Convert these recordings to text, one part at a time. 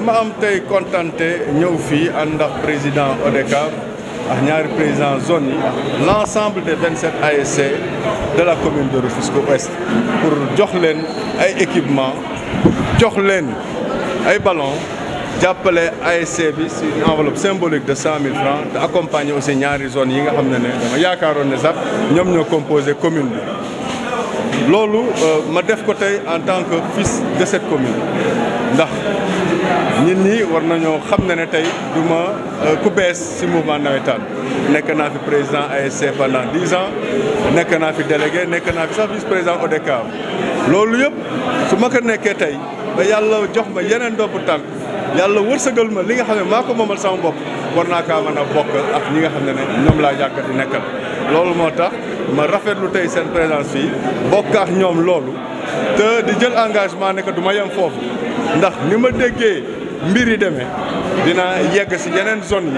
Je suis content de ñëw ici président ODCAV ak président Zoni, l'ensemble des 27 ASC de la commune de Rufisque Ouest pour jox leen équipements, équipement jox leen ballon ASC enveloppe symbolique de 100 000 francs d'accompagner accompagner aussi de zone yi nga xam ne dama commune bi je euh, ma def ko en tant que fils de cette commune ñit ñi war nañoo xam ne ne tey du ma euh, ku bees si mouvement nawetaan nekk naa fi président ASC pendant dix ans nekk naa fi délégué nekk naa fi sax vice président ODCAV loolu yëpp su ma ko nekkee tey ba yàlla jox ma yeneen dopp tànk yàlla wërsëgal ma li nga xam ne maa ko moomal sama bopp war naa kaa mën a bokk ak ñi nga xam ne ne ñoom laa yàggat di nekkal loolu moo tax ma rafetlu tey seen présence fii bokk ak ñoom loolu te di jël engagement nekk que du foofu mbir yi demee dina yegg si yeneen zone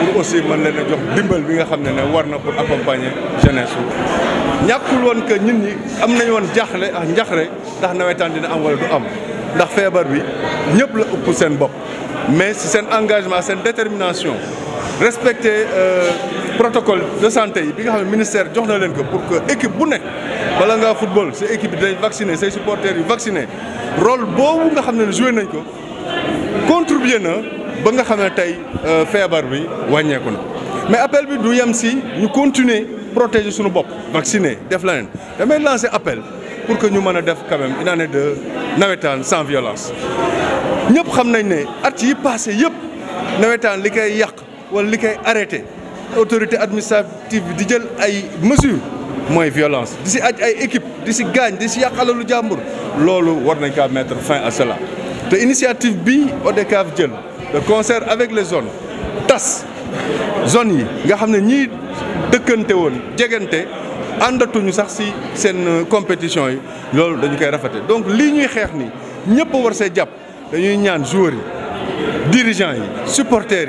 yi pour aussi mën leen a jox dimbal bi nga xam ne ne war na pour accompagner jeunesse wu ñàkkul woon que nit ñi am nañu woon jaaxle ak njaxre ndax nawetaan dina am wala du am ndax feebar bi ñëpp la ëpp seen bopp mais si seen engagement seen détermination respecter euh, protocole de santé yi bi nga xam ne ministère jox na leen ko pour que équipe bu nekk bala ngaa football sa équipe bi day vacciné say supporters yu vacciné rôle boobu nga xam ne joué nañ ko contribuer na ba nga xam tay euh, fièvre bi wàññeeku na mais appel bi du yem si ñu continuer protéger suñu bop vacciner def leneen damay lancer appel pour que ñu mëna def quand même une année de nawetaan sans violence ñëpp xam nañ ne at yi passé yëpp nawetaan likay yak wala likay arrêter autorité administrative di jël ay mesures moy violence di si aj ay équipe di si gaañ di ci yàq jambour lolu war nañ ka mettre fin à cela L'initiative initiative bi le concert avec les zones tas zones yi nga xamné ñi won sax ci sen euh, compétition yi donc li ñuy xex ni ñëpp war sé nous dañuy ñaan dirigeants supporters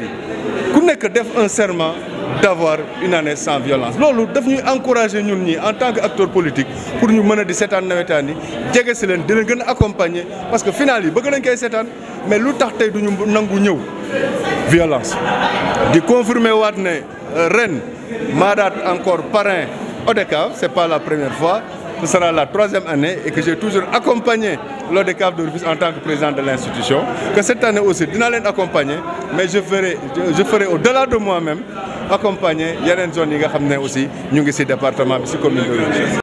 qui ont un serment d'avoir une année sans violence Nous daf ñuy encourager nous en tant qu'acteurs politiques, pour nous mener de di ans à 9 nous devons nous accompagner parce que finalement, nous bëgg nañ koy ans, mais nous tax tey violence di confirmer que Rennes, reine est encore parrain ce n'est pas la première fois ce sera la troisième année et que j'ai toujours accompagné l'ODECAF de Rufus en tant que président de l'institution, que cette année aussi, je vais accompagner, mais je ferai, je, ferai au-delà de moi-même accompagner Yaren Zone aussi, nous sommes département, ici commune de